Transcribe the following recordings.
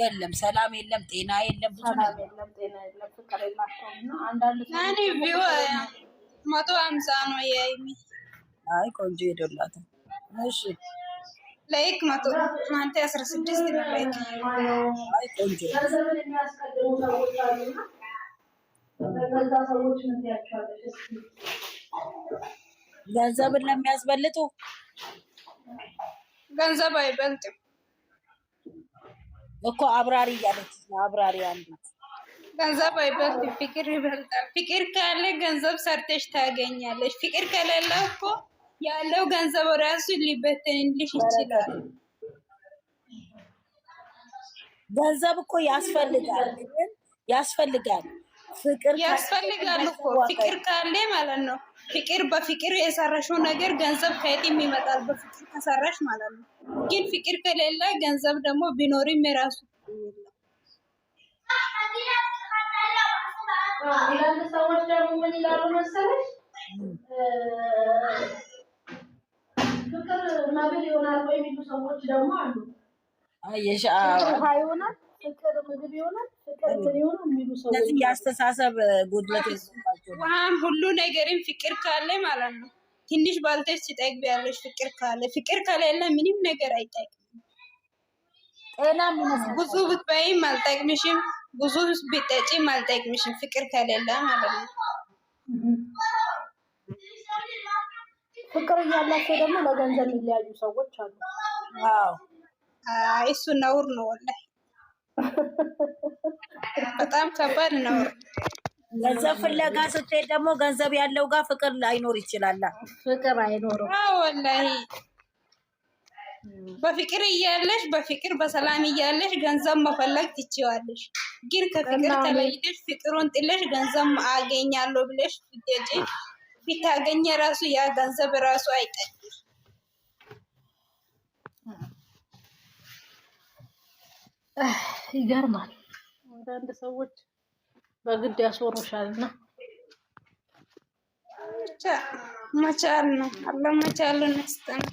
የለም ሰላም የለም፣ ጤና የለም፣ ብዙ ነገር መቶ ሀምሳ ነው። አይ ቆንጆ ሄዶላት። እሺ ላይክ መቶ አንተ አስራ ስድስት ነው ላይክ። አይ ቆንጆ ገንዘብን ለሚያስበልጡ ገንዘብ አይበልጥም። እኮ አብራሪ እያለች አብራሪ አንዲት ገንዘብ አይበልጥ፣ ፍቅር ይበልጣል። ፍቅር ካለ ገንዘብ ሰርተሽ ታገኛለች። ፍቅር ከሌለ እኮ ያለው ገንዘብ ራሱ ሊበተንልሽ ይችላል። ገንዘብ እኮ ያስፈልጋል ያስፈልጋል፣ ፍቅር ያስፈልጋል እኮ ፍቅር ካለ ማለት ነው። ፍቅር በፍቅር የሰራሽው ነገር ገንዘብ ከየትም ይመጣል። በፍቅር ከሰራሽ ማለት ነው። ግን ፍቅር ከሌለ ገንዘብ ደግሞ ቢኖርም የራሱ አንዳንድ ሰዎች ደግሞ ምን ይላሉ መሰለሽ፣ ፍቅር መብል ይሆናል የሚሉ ሰዎች ደግሞ አሉ። ይሆናል እነዚህ የአስተሳሰብ ጉድለት ያስባቸውም ሁሉ ነገርም ፍቅር ካለ ማለት ነው። ትንሽ ባልተች ሲጠግብ ያለች ፍቅር ካለ ፍቅር ከሌለ ምንም ነገር አይጠቅም። ጤና ብዙ ብትበይም አልጠቅምሽም፣ ብዙ ብጠጪም አልጠቅምሽም። ፍቅር ከሌለ ማለት ነው። ፍቅር እያላቸው ደግሞ ለገንዘብ የሚለያዩ ሰዎች አሉ። እሱ ነውር ነው ወላሂ በጣም ከባድ ነው። ገንዘብ ፍለጋ ስትሄድ ደግሞ ገንዘብ ያለው ጋር ፍቅር ላይኖር ይችላል። ፍቅር አይኖርም። ወላሂ በፍቅር እያለሽ በፍቅር በሰላም እያለሽ ገንዘብ መፈለግ ትችዋለሽ። ግን ከፍቅር ተለይተሽ ፍቅሩን ጥለሽ ገንዘብ አገኛለሁ ብለሽ ብታገኘ ራሱ ያ ገንዘብ ራሱ አይጠቅም። ይገርማል። አንዳንድ ሰዎች በግድ ያስወሩሻል እና መቻል ነው አለ መቻል ነው።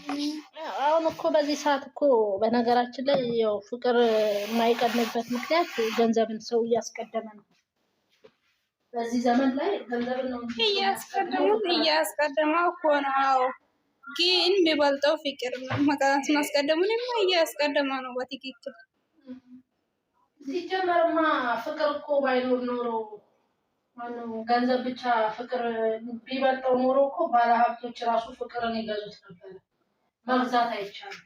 አሁን እኮ በዚህ ሰዓት እኮ በነገራችን ላይ ያው ፍቅር የማይቀድምበት ምክንያት ገንዘብን ሰው እያስቀደመ ነው። በዚህ ዘመን ላይ ገንዘብን ነው እያስቀደመው እኮ ነው። ግን የሚበልጠው ፍቅር ነው። መቀስ ማስቀደሙን እያስቀደመ ነው በትክክል ሲጀመርማ ፍቅር እኮ ባይኖር ኖሮ ማነው ገንዘብ ብቻ ፍቅር ቢበልጠው ኖሮ እኮ ባለሀብቶች ራሱ ፍቅርን ይገዙት ነበር። መግዛት አይቻልም፣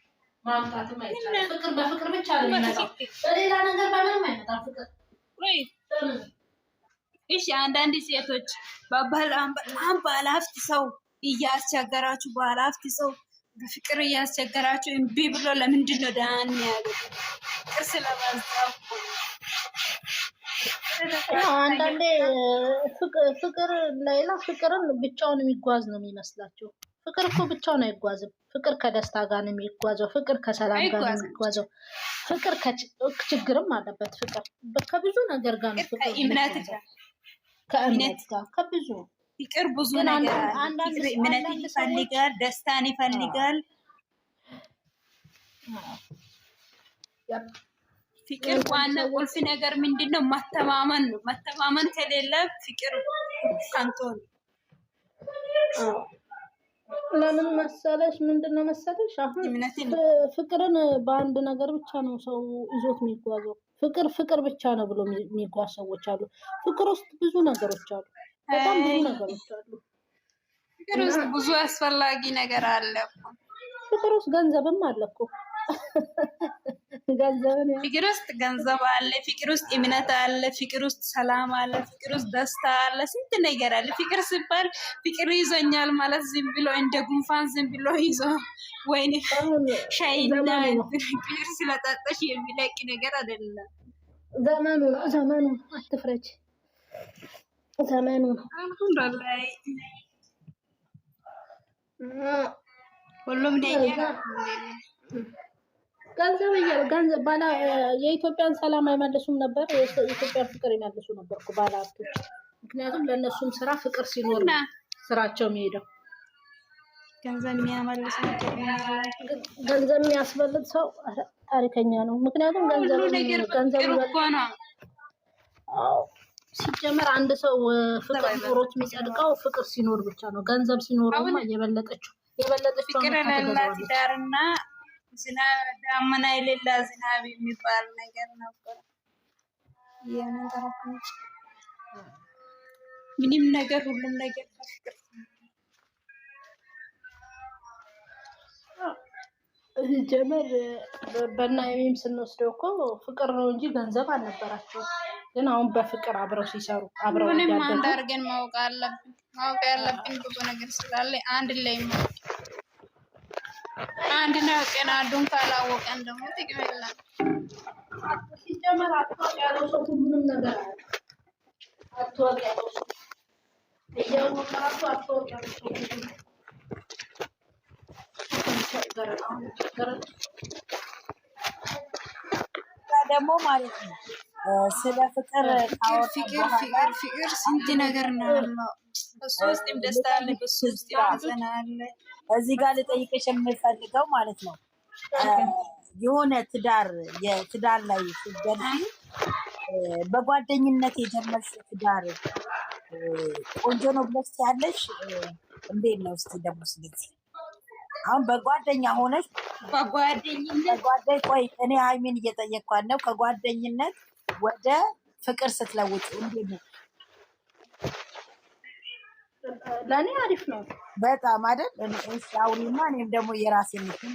ማምጣትም አይቻልም። ፍቅር በፍቅር ብቻ ነው የሚመጣው፣ በሌላ ነገር ባለም አይመጣም ፍቅር። እሺ አንዳንድ ሴቶች በጣም ባለሀብት ሰው እያስቸገራችሁ ባለሀብት ሰው በፍቅር እያስቸገራቸው እምቢ ብሎ ለምንድን ነው ዳን ያለ ፍቅር አንዳንዴ ፍቅር ላይላ ፍቅርን ብቻውን የሚጓዝ ነው የሚመስላቸው። ፍቅር እኮ ብቻውን አይጓዝም። ፍቅር ከደስታ ጋር ነው የሚጓዘው። ፍቅር ከሰላም ጋር ነው የሚጓዘው። ፍቅር ችግርም አለበት። ፍቅር ከብዙ ነገር ጋር ነው። ፍቅር ከእምነት ጋር ከብዙ ፍቅር ብዙ ነገር ይፈልጋል፣ ደስታን ይፈልጋል። ፍቅር ዋና ቁልፍ ነገር ምንድን ነው? መተማመን ነው። መተማመን ከሌለ ፍቅር ከንቱ ነው። ለምን መሰለሽ? ምንድን ነው መሰለሽ? አሁን ፍቅርን በአንድ ነገር ብቻ ነው ሰው ይዞት የሚጓዘው። ፍቅር ፍቅር ብቻ ነው ብሎ የሚጓዝ ሰዎች አሉ። ፍቅር ውስጥ ብዙ ነገሮች አሉ። በጣም ብዙ ነገሮች አሉ። ፍቅር ውስጥ ብዙ አስፈላጊ ነገር አለ። ፍቅር ውስጥ ገንዘብም አለ እኮ ፍቅር ውስጥ ገንዘብ አለ። ፍቅር ውስጥ እምነት አለ። ፍቅር ውስጥ ሰላም አለ። ፍቅር ውስጥ ደስታ አለ። ስንት ነገር አለ። ፍቅር ሲባል ፍቅር ይዞኛል ማለት ዝም ብሎ እንደ ጉንፋን ዝም ብሎ ይዞ ወይኔ ሻይና ፍቅር ስለጠጠሽ የሚለቅ ነገር አይደለም። ዘመኑ ነው። ዘመኑ አትፍረጅ። ዘመኑ ሁሉም ገንዘብ ገንዘብ ባላ የኢትዮጵያን ሰላም አይመልሱም ነበር፣ የኢትዮጵያን ፍቅር ይመልሱ ነበር እኮ ባላ ሀብቶች። ምክንያቱም ለእነሱም ስራ ፍቅር ሲኖር ስራቸው የሚሄደው ገንዘብ የሚያስበልጥ ሰው ታሪከኛ ነው። ምክንያቱም ገንዘብ ገንዘብ ሲጀመር አንድ ሰው ፍቅር ኖሮት የሚጸድቀው ፍቅር ሲኖር ብቻ ነው። ገንዘብ ሲኖረውማ የበለጠችው የበለጠችው ፍቅር ዳመና የሌላ ዝናብ የሚባል ነገር ነበር። ምንም ነገር ሁሉም ነገር ጀመር በና የሚም ስንወስደው እኮ ፍቅር ነው እንጂ ገንዘብ አልነበራቸውም። ግን አሁን በፍቅር አብረው ሲሰሩ አብረው ሁሉንም አንድ አድርገን ማወቅ አለብን። ማወቅ ያለብን ብዙ ነገር ስላለ አንድ ላይ አንድ ነው ቀን አንዱን ካላወቀን ደግሞ ጥቅም የለም። ሲጀመር አትወቅ ያለው ሰው ሁሉንም ነገር አለ። አትወቅ ያለው ሰው እያወቀ ራሱ አትወቅ ያለው ሰው ደግሞ ማለት ነው ስለ ፍቅር ፍቅር ፍቅር ፍቅር ስንት ነገር ነው በሱ ውስጥም ደስታ አለ፣ በሱ ውስጥ እዚህ ጋር ልጠይቅሽ የምፈልገው ማለት ነው የሆነ ትዳር የትዳር ላይ በጓደኝነት የጀመርሽ ትዳር ቆንጆ ነው ብለሽ እንዴት ነው? እስኪ ደግሞ ስለዚህ አሁን በጓደኛ ሆነሽ በጓደኝነት ቆይ እኔ ሀይሚን እየጠየኳት ነው ከጓደኝነት ወደ ፍቅር ስትለውጥ እንዴት ነው? ለእኔ አሪፍ ነው በጣም አይደል? አውሪማ እኔም ደግሞ የራሴ ምክን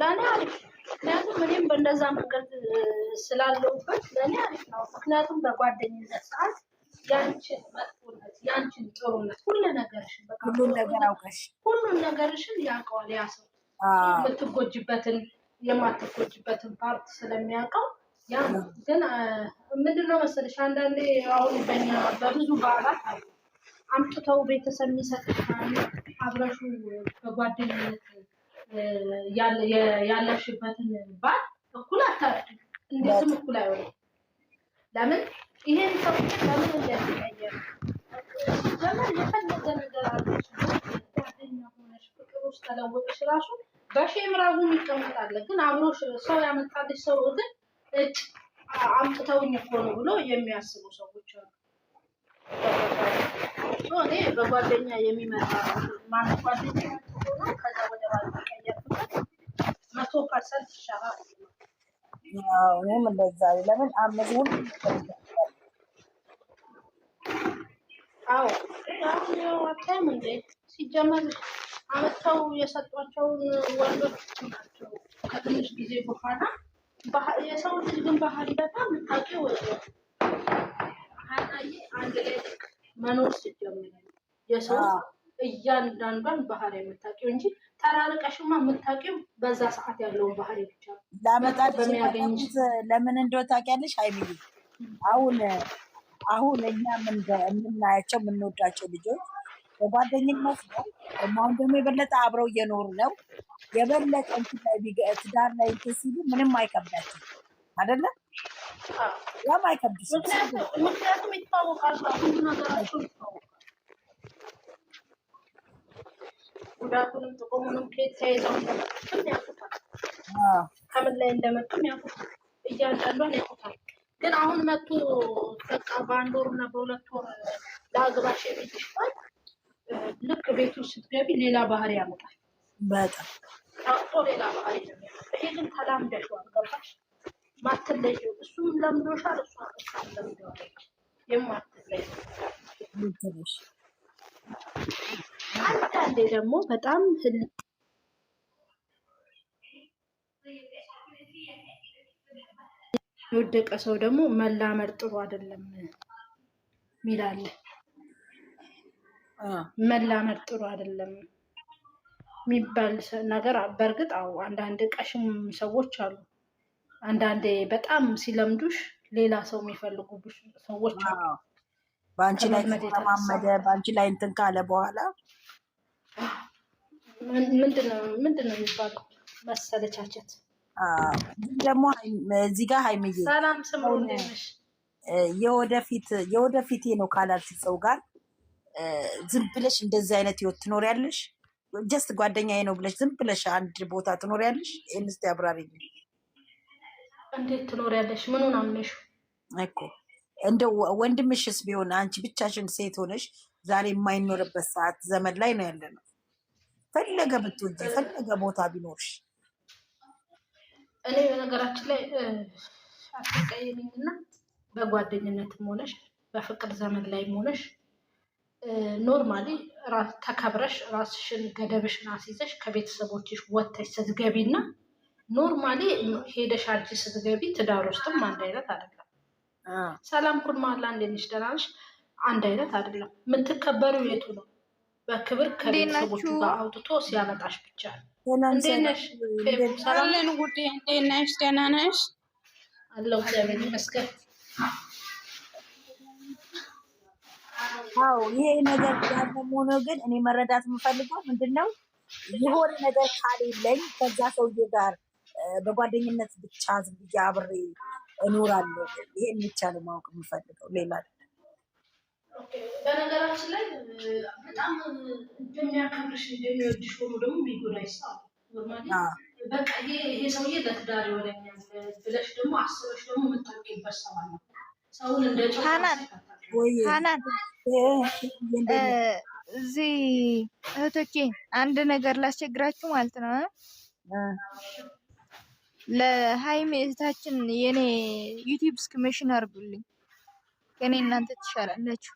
ለእኔ አሪፍ ምክንያቱም እኔም በእንደዛ መንገድ ስላለሁበት ለእኔ አሪፍ ነው። ምክንያቱም በጓደኝነት ሰዓት ያንቺን መጥፎነት ጥሩነት ሁሉ ነገርሽን ሁሉን ነገር አውቀሽ ሁሉን ነገርሽን ያውቀዋል ያ ሰው የምትጎጅበትን የማትጎጅበትን ፓርት ስለሚያውቀው ግን ምንድን ነው መሰለሽ አንዳንዴ አሁን በኛ በብዙ በዓላት አምጥተው ቤተሰብ የሚሰጥታል አብረሹ በጓደኝነት ያለሽበትን ባል እኩል አታርዱ። እንዴትም እኩል አይሆንም። ለምን ይሄን ሰው ለምን እንዲያስቀየር ለምን የፈለገ ነገር አለች ጓደኛ ሆነሽ ፍቅር ውስጥ ተለወጥሽ ራሱ በሼም ራሱ ይቀመጣል። ግን አብሮ ሰው ያመጣልሽ ሰው ግን እጭ አምጥተውኝ እኮ ነው ብሎ የሚያስቡ ሰዎች አሉ። እኔ በጓደኛ የሚመጣ ማን ጓደኛ ሆነ ከዛ ወደ ባል መቶ ፐርሰንት ይሻላል። እኔም እንደዛ ለምን አመዝሁም አዎ አታይም እንዴ? ሲጀመር አመጥተው የሰጧቸውን ወንዶች ናቸው ከትንሽ ጊዜ በኋላ የሰው ልጅ ባህሪ በጣም ታውቂው ሀናዬ አንድ ላይ መኖር ስትጀምሪ የሰው እያንዳንዷን ባህሪ የምታውቂው እንጂ ተራርቀሽማ የምታውቂው በዛ ሰዓት ያለውን ባህሪ ብቻ ላመጣልሽ ለምን እንደው ታውቂያለሽ ሀይሚዬ አሁን አሁን እኛ የምናያቸው የምንወዳቸው ልጆች በጓደኝነት ነው። አሁን ደግሞ የበለጠ አብረው እየኖሩ ነው። የበለጠ እንትን ላይ ትዳር ላይ እንትን ሲሉ ምንም አይከብዳቸው አይደለም። ያም አይከብድሽ። ምክንያቱም ይታወቃል ጉዳቱንም ከየት ተያይዘው ከምን ላይ እንደመጡም እያንዳንዷን ግን አሁን መቶ በቃ በአንድ እና በሁለት ወር ለአግባሽ የሚልሽ ቤቱ ስትገቢ ሌላ ባህሪ ያመጣል። በጣም ጣፍቶ ሌላ ባህሪ ይሄ ግን ተላምደሽዋል። ገባሽ ማትለይ እሱም ለምዶሻል፣ እሷ የማትለይ አንዳንዴ ደግሞ በጣም ህል የወደቀ ሰው ደግሞ መላመድ ጥሩ አይደለም ሚላለ መላመድ ጥሩ አይደለም የሚባል ነገር በእርግጥ አዎ፣ አንዳንድ ቀሽም ሰዎች አሉ። አንዳንዴ በጣም ሲለምዱሽ ሌላ ሰው የሚፈልጉ ሰዎች አሉ። በአንቺ ላይ ተማመደ በአንቺ ላይ እንትን ካለ በኋላ ምንድን ነው የሚባለው? መሰለቻቸት ደግሞ እዚህ ጋር ሀይምዬ ሰላም ስሙ የወደፊት የወደፊቴ ነው ካላልሽ ሰው ጋር ዝም ብለሽ እንደዚህ አይነት ህይወት ትኖሪያለሽ? ጀስት ጓደኛዬ ነው ብለሽ ዝም ብለሽ አንድ ቦታ ትኖሪያለሽ? ይህን እስኪ አብራሪ። እንዴት ትኖሪያለሽ? ምኑን አምነሽ እኮ እንደ ወንድምሽስ ቢሆን አንቺ ብቻሽን ሴት ሆነሽ ዛሬ የማይኖርበት ሰዓት ዘመን ላይ ነው ያለ ነው። ፈለገ ብትወጂ ፈለገ ቦታ ቢኖርሽ እኔ በነገራችን ላይ አትቀይሪኝና በጓደኝነትም ሆነሽ በፍቅር ዘመን ላይም ሆነሽ ኖርማሊ ተከብረሽ ራስሽን ገደብሽን አስይዘሽ ከቤተሰቦችሽ ወጥተሽ ስትገቢ እና ኖርማሊ ሄደሽ አንቺ ስትገቢ ትዳር ውስጥም አንድ አይነት አይደለም። ሰላም ኩርማላ እንዴት ነሽ? ደህና ነሽ? አንድ አይነት አይደለም። የምትከበሪው የቱ ነው? በክብር ከቤተሰቦቹ ጋር አውጥቶ ሲያመጣሽ ብቻ ነው። ጉዴ፣ እንዴት ነሽ? ደህና ነሽ? አለሁ እግዚአብሔር ይመስገን። አዎ ይሄ ነገር ያለ ሆኖ ግን እኔ መረዳት የምፈልገው ምንድን ነው የሆነ ነገር ካሌለኝ ከዛ ሰውዬ ጋር በጓደኝነት ብቻ ዝም ብዬ አብሬ እኖራለሁ። ይሄን ብቻ ነው ማወቅ የምፈልገው ሌላ በነገራችን ላይ በጣም እንደሚያከብርሽ እንደሚወድሽ ሆኖ ደግሞ ሊጎዳ ይሰዋል። በቃ ይሄ ሰውዬ ለትዳር ይሆነኛል ብለሽ ደግሞ አስበሽ ደግሞ የምታውቂበት ሰው ነው ሰውን እንደ ሀናን እዚህ እህቶቼ አንድ ነገር ላስቸግራችሁ ማለት ነው። ለሀይሚ እህታችን የኔ ዩቲዩብ እስክሜሽን አድርጉልኝ። ከኔ እናንተ ትሻላላችሁ።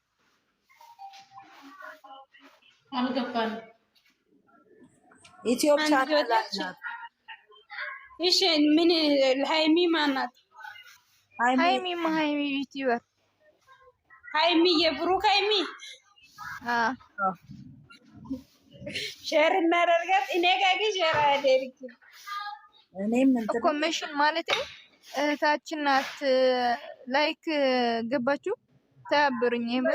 ኢትዮጵያ እሺ፣ ምን ሀይሚ ማናት? ሀይሚ ሀይሚ ዩቲዩበር ሀይሚ የብሩክ ሀይሚ ሼር እናደርጋት። እኔ ጋር ግን ሼር አያደርግ ኮሚሽን ማለት እህታችን ናት። ላይክ ገባችሁ ተባብሩኝ። ይሄ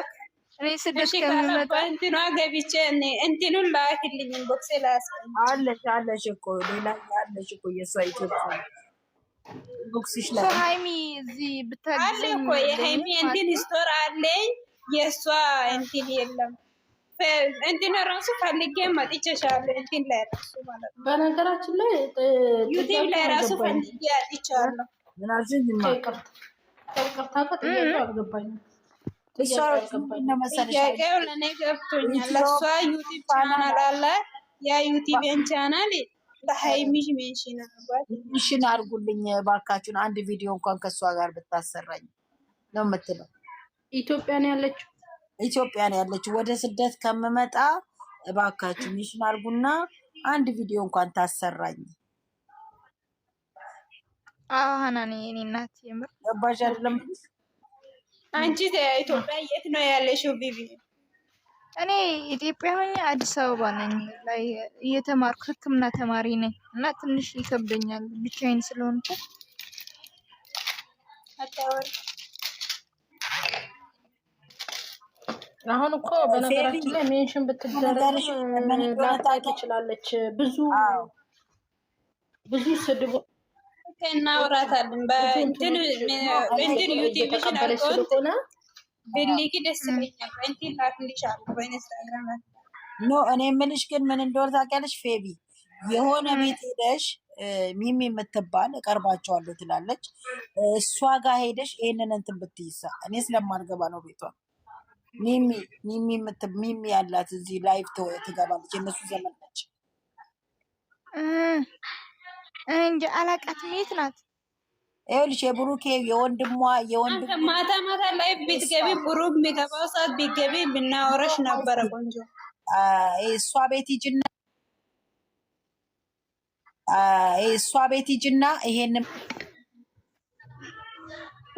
እኔ ስደት ከመጣ እንትኗ ገብቼ እኔ እንትኑን ላክልኝ ቦክሴ ላስቀምጥ አለሽ አለሽ እኮ ሌላ አለሽ እኮ የእሷ ኢትዮጵያ ሀይሚ እዚህ ብታግዘኝ እኮ የሀይሚ እንትን ስቶር አለኝ። የእሷ እንትን የለም። እንትን ራሱ ፈልጌ መጥቼሻለሁ። እንትን ላይ ራሱ ማለት ነው። በነገራችን ላይ ዩቲብ ላይ ራሱ ፈልጌ አጥቼዋለሁ። ይቅርታ እኮ ጥያቄው አልገባኝም። ጥያቄው ለእኔ ገብቶኛል። እሷ ዩቲብ ቻናል አላት። ያ ዩቲብን ቻናል በሀይሚሽ ሜንሽን ሜንሽን አድርጉልኝ ባካችሁን። አንድ ቪዲዮ እንኳን ከእሷ ጋር ብታሰራኝ ነው የምትለው። ኢትዮጵያን ያለችው ኢትዮጵያን ያለችው ወደ ስደት ከምመጣ እባካችሁ ሜንሽን አድርጉና አንድ ቪዲዮ እንኳን ታሰራኝ። አዎ ሀናኒ እኔ እናት የምር ገባሽ አይደለም። አንቺ ኢትዮጵያ የት ነው ያለሽው ቢቢ? እኔ ኢትዮጵያ ሆኜ አዲስ አበባ ነኝ ላይ እየተማርኩ ሕክምና ተማሪ ነኝ እና ትንሽ ይከብደኛል ብቻዬን ስለሆንኩ። አሁን እኮ በነገራችን ላይ ሜንሽን ብትደረግ ላታይ ትችላለች። ብዙ ብዙ ስድቦ እናውራታለን በእንትን ዩቲቪሽን አልቆን ብልኪ ደስ ይለኛል። በእንቲ ላክልሻለሁ በኢንስታግራም። ኖ እኔ የምልሽ ግን ምን እንደሆነ ታውቂያለሽ? ፌቢ የሆነ ቤት ሄደሽ ሚሚ የምትባል እቀርባቸዋለሁ ትላለች። እሷ ጋር ሄደሽ ይህንን እንትን ብትይሳ እኔ ስለማልገባ ነው ቤቷ ሚሚ ሚሚ ሚሚ ያላት እዚህ ላይፍ ትገባለች። የእነሱ ዘመን ነች እንጂ አላውቃትም የት ናት ይኸውልሽ የብሩኬ የወንድሟ የወንድ ማታ ማታ ላይ ቢትገቢ ብሩ የሚገባው ሰዓት ቢገቢ ብናወረሽ ነበረ ቆንጆ። እሷ ቤት ሂጂና እሷ ቤት ሂጂና ይሄን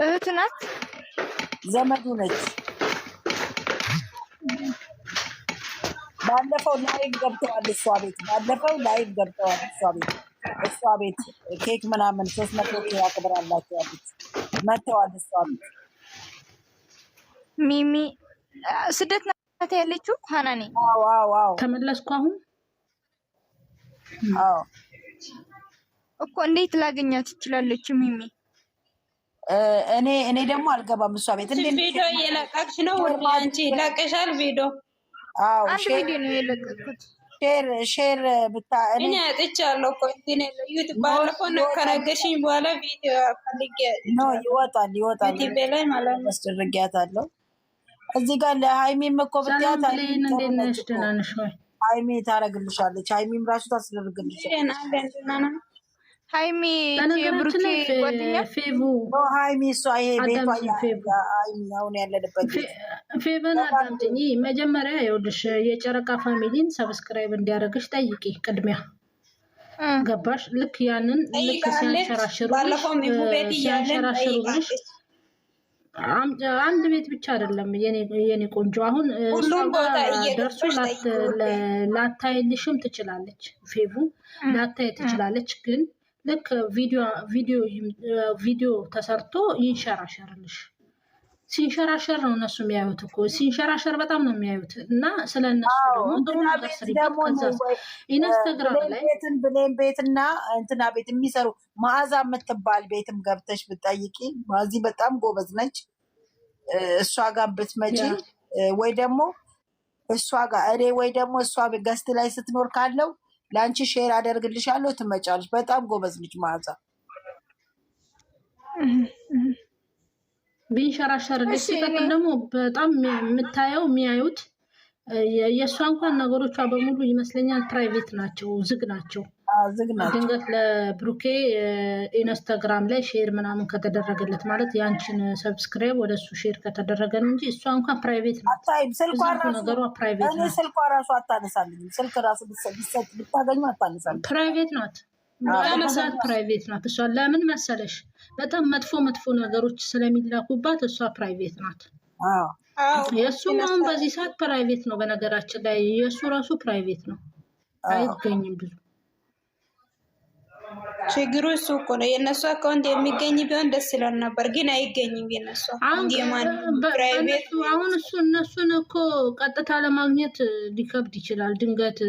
እህት ናት ዘመዱ ነች። ባለፈው ላይቭ ገብተዋል እሷ ቤት ባለፈው ላይቭ ገብተዋል እሷ ቤት እሷ ቤት ኬክ ምናምን ሶስት መቶ ያክብር አላቸው ያሉት መጥተዋል። እሷ ቤት ሚሚ ስደት ናት ያለችው። ሀናኔ ተመለስኩ አሁን። እኮ እንዴት ላገኛት ትችላለች ሚሚ? እኔ እኔ ደግሞ አልገባም እሷ ቤት። እንዴ ቪዲዮ እየለቀቅሽ ነው? አንቺ ለቀሻል ቪዲዮ? አዎ አንድ ቪዲዮ ነው የለቀቅኩት ሼር ሼር ብታ እኔ አጥቻለሁ እኮ እንትን ዩቲዩብ ባለ ነው። ከነገርሽኝ በኋላ ቪዲዮ ፈልጌ ነው ይወጣል ይወጣል። ዩቲዩብ ላይ ማለት ነው አስደርጊያታለሁ። እዚህ ጋር ለሃይሚም እኮ ብትያት ሃይሚ ታረግልሻለች። ሃይሚም ራሱ ታስደርግልሻለች። ሃይሚ ብሩኬ ሃይሚ እሷ ይሄ ቤቷ አሁን ያለንበት ፌቨን አዳምጪኝ። መጀመሪያ ይኸውልሽ የጨረቃ ፋሚሊን ሰብስክራይብ እንዲያደርግሽ ጠይቂ ቅድሚያ ገባሽ። ልክ ያንን ልክ ሲያንሸራሽሩልሽ አንድ ቤት ብቻ አይደለም የኔ ቆንጆ፣ አሁን ደርሶ ላታይልሽም ትችላለች፣ ፌቡ ላታይ ትችላለች ግን ልክ ቪዲዮ ተሰርቶ ይንሸራሸርልሽ። ሲንሸራሸር ነው እነሱ የሚያዩት እኮ ሲንሸራሸር በጣም ነው የሚያዩት። እና ስለ እነሱ ደግሞ ጥሩ ላይ ብሌን ቤት እና እንትና ቤት የሚሰሩ መዓዛ የምትባል ቤትም ገብተሽ ብጠይቂ ማዚ በጣም ጎበዝ ነች። እሷ ጋር ብትመጪ ወይ ደግሞ እሷ ጋር እኔ ወይ ደግሞ እሷ ገስት ላይ ስትኖር ካለው ለአንቺ ሼር አደርግልሻለሁ፣ ትመጫለች። በጣም ጎበዝ ልጅ ማዛ ቢንሸራሸር ደግሞ በጣም የምታየው የሚያዩት የእሷ እንኳን ነገሮቿ በሙሉ ይመስለኛል ፕራይቬት ናቸው፣ ዝግ ናቸው። ድንገት ለብሩኬ ኢንስታግራም ላይ ሼር ምናምን ከተደረገለት ማለት የአንቺን ሰብስክራይብ ወደ እሱ ሼር ከተደረገ ነው እንጂ እሷ እንኳን ፕራይቬት ነገሯ ፕራይቬት ናት። ስልኳ ራሱ ስልክ ራሱ ቢሰጥ ብታገኙ ፕራይቬት ናት። ፕራይቬት ናት። እሷ ለምን መሰለሽ በጣም መጥፎ መጥፎ ነገሮች ስለሚላኩባት እሷ ፕራይቬት ናት። የእሱም አሁን በዚህ ሰዓት ፕራይቬት ነው። በነገራችን ላይ የእሱ ራሱ ፕራይቬት ነው፣ አይገኝም ብዙ ችግሩ እሱ እኮ ነው። የእነሱ አካውንት የሚገኝ ቢሆን ደስ ይላል ነበር፣ ግን አይገኝም። የእነሱ አሁን እሱ እነሱን እኮ ቀጥታ ለማግኘት ሊከብድ ይችላል። ድንገት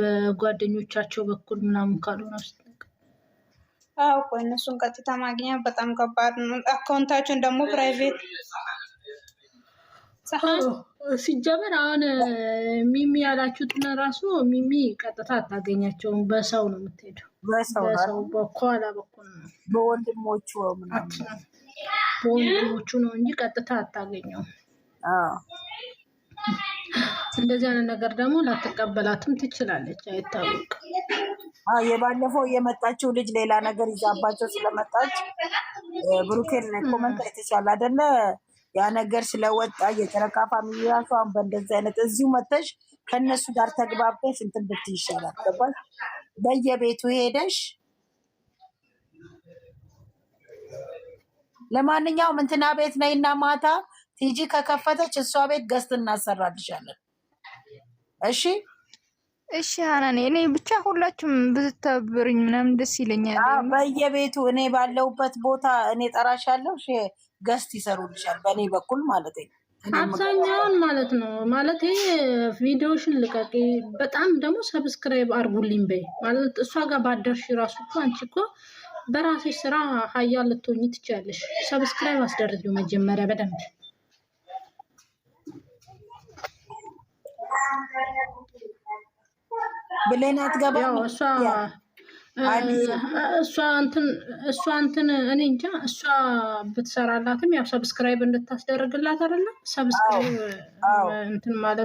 በጓደኞቻቸው በኩል ምናምን ካልሆነ አዎ እኮ እነሱን ቀጥታ ማግኘት በጣም ከባድ ነው። አካውንታቸውን ደግሞ ፕራይቬት ሲጀመር አሁን ሚሚ ያላችሁትን ራሱ ሚሚ ቀጥታ አታገኛቸውም። በሰው ነው የምትሄደው፣ በሰው በኋላ በኩል ነው በወንድሞቹ በወንድሞቹ ነው እንጂ ቀጥታ አታገኘውም። እንደዚህ አይነት ነገር ደግሞ ላትቀበላትም ትችላለች፣ አይታወቅ። የባለፈው የመጣችው ልጅ ሌላ ነገር ይዛባቸው ስለመጣች ብሩኬን ኮመንት አይተሻል አይደለ? ያ ነገር ስለወጣ የጨረቃ ፋሚሊ ራሱ አሁን በእንደዚህ አይነት እዚሁ መተሽ ከእነሱ ጋር ተግባብተሽ እንትን ብትይ ይሻላል። ገባሽ? በየቤቱ ሄደሽ ለማንኛውም እንትና ቤት ነይና ማታ ቲጂ ከከፈተች እሷ ቤት ገዝት እናሰራልሻለን። እሺ እሺ ሀናኔ እኔ ብቻ ሁላችሁም ብትተባበሩኝ ምናምን ደስ ይለኛል። በየቤቱ እኔ ባለሁበት ቦታ እኔ ጠራሻለሁ። ገስት ይሰሩልሻል፣ በእኔ በኩል ማለት ነው። አብዛኛውን ማለት ነው ማለት ቪዲዮሽን ልቀቂ። በጣም ደግሞ ሰብስክራይብ አርጉልኝ በይ ማለት እሷ ጋር ባደርሽ ራሱ እኮ አንቺ እኮ በራሴ ስራ ሀያ ልትሆኚ ትችያለሽ። ሰብስክራይብ አስደርጊው መጀመሪያ በደንብ ብሌን አትገባም። እሷ እንትን እኔ እንጃ እሷ ብትሰራላትም ያው ሰብስክራይብ እንድታስደርግላት አይደለም ሰብስክራይብ እንትን ማለት